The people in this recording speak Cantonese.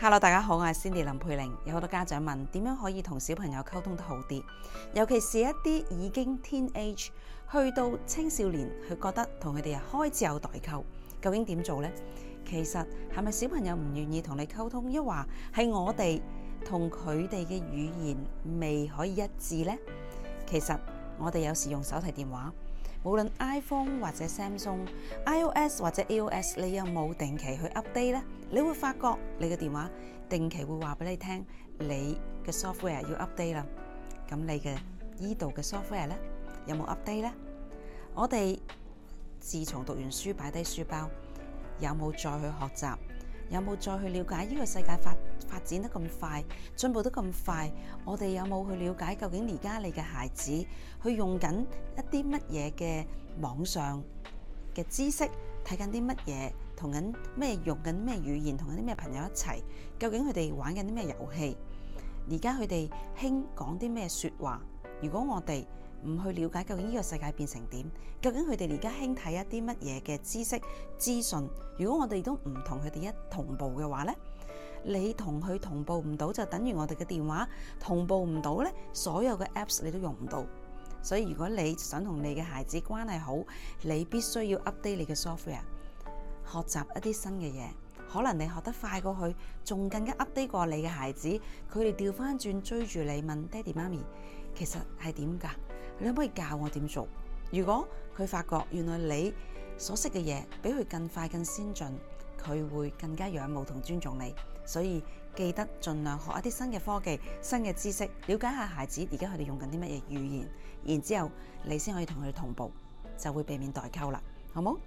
Hello，大家好，我係 c i n d y 林佩玲。有好多家長問點樣可以同小朋友溝通得好啲，尤其是一啲已經天 e 去到青少年，佢覺得同佢哋啊開始有代溝，究竟點做呢？其實係咪小朋友唔願意同你溝通，抑或係我哋同佢哋嘅語言未可以一致呢？其實我哋有時用手提電話。無論 iPhone 或者 Samsung、iOS 或者 AOS，你有冇定期去 update 咧？你會發覺你嘅電話定期會話俾你聽，你嘅 software 要 update 啦。咁你嘅呢度嘅 software 咧，有冇 update 咧？我哋自從讀完書擺低書包，有冇再去學習？有冇再去了解呢個世界發展得咁快，進步得咁快？我哋有冇去了解究竟而家你嘅孩子，去用緊一啲乜嘢嘅網上嘅知識，睇緊啲乜嘢，同緊咩用緊咩語言，同緊咩朋友一齊？究竟佢哋玩緊啲咩遊戲？而家佢哋興講啲咩説話？如果我哋唔去了解究竟呢個世界變成點，究竟佢哋而家興睇一啲乜嘢嘅知識資訊？如果我哋都唔同佢哋一同步嘅話呢，你同佢同步唔到，就等於我哋嘅電話同步唔到呢，所有嘅 apps 你都用唔到，所以如果你想同你嘅孩子關係好，你必須要 update 你嘅 software，學習一啲新嘅嘢。可能你學得快過去，仲更加 update 過你嘅孩子，佢哋調翻轉追住你問爹哋媽咪，其實係點㗎？你可唔可以教我點做？如果佢發覺原來你所識嘅嘢比佢更快、更先進，佢會更加仰慕同尊重你。所以記得盡量學一啲新嘅科技、新嘅知識，了解一下孩子而家佢哋用緊啲乜嘢語言，然之後你先可以同佢哋同步，就會避免代溝啦。好冇？